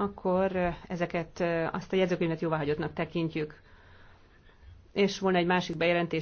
akkor ezeket azt a jegyzőkönyvet jóváhagyottnak tekintjük. És volna egy másik bejelentés.